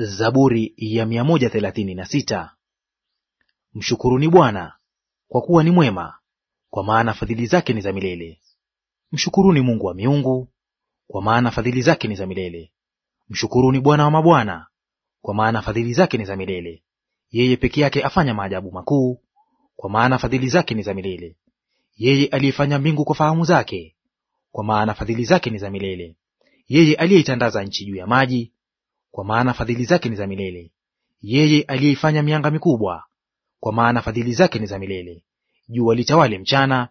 Zaburi ya 136. Mshukuruni Bwana kwa kuwa ni mwema, kwa maana fadhili zake ni za milele. Mshukuruni Mungu wa miungu, kwa maana fadhili zake ni za milele. Mshukuruni Bwana wa mabwana, kwa maana fadhili zake ni za milele. Yeye peke yake afanya maajabu makuu, kwa maana fadhili zake ni za milele. Yeye aliyefanya mbingu kwa fahamu zake, kwa maana fadhili zake ni za milele. Yeye aliyeitandaza nchi juu ya maji kwa maana fadhili zake ni za milele. Yeye aliyeifanya mianga mikubwa, kwa maana fadhili zake ni za milele. Jua litawale mchana,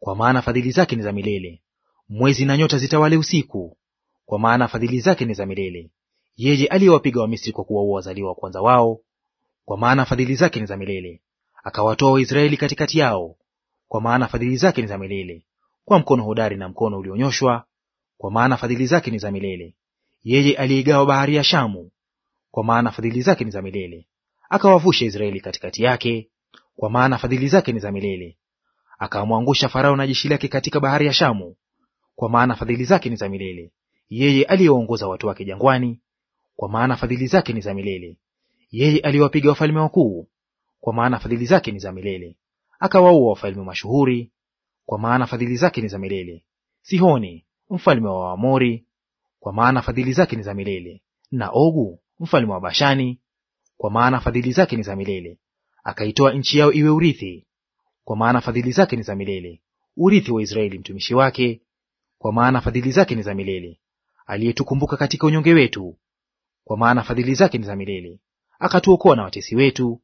kwa maana fadhili zake ni za milele. Mwezi na nyota zitawale usiku, kwa maana fadhili zake ni za milele. Yeye aliyewapiga Wamisri kwa kuwaua wazaliwa wa kwanza wao, kwa maana fadhili zake ni za milele. Akawatoa Waisraeli katikati yao, kwa maana fadhili zake ni za milele. Kwa mkono hodari na mkono ulionyoshwa, kwa maana fadhili zake ni za milele yeye aliyeigawa bahari ya Shamu, kwa maana fadhili zake ni za milele. Akawavusha Israeli katikati yake, kwa maana fadhili zake ni za milele. Akamwangusha Farao na jeshi lake katika bahari ya Shamu, kwa maana fadhili zake ni za milele. Yeye aliyewaongoza watu wake jangwani, kwa maana fadhili zake ni za milele. Yeye aliyewapiga wafalme wakuu, kwa maana fadhili zake ni za milele. Akawaua wafalme mashuhuri, kwa maana fadhili zake ni za milele. Sihoni mfalme wa Waamori, kwa maana fadhili zake ni za milele, na Ogu mfalme wa Bashani, kwa maana fadhili zake ni za milele. Akaitoa nchi yao iwe urithi, kwa maana fadhili zake ni za milele, urithi wa Israeli mtumishi wake, kwa maana fadhili zake ni za milele. Aliyetukumbuka katika unyonge wetu, kwa maana fadhili zake ni za milele. Akatuokoa na watesi wetu,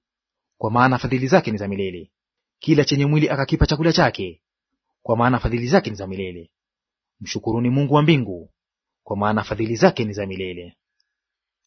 kwa maana fadhili zake ni za milele. Kila chenye mwili akakipa chakula chake, kwa maana fadhili zake ni za milele. Mshukuruni Mungu wa mbingu, kwa maana fadhili zake ni za milele.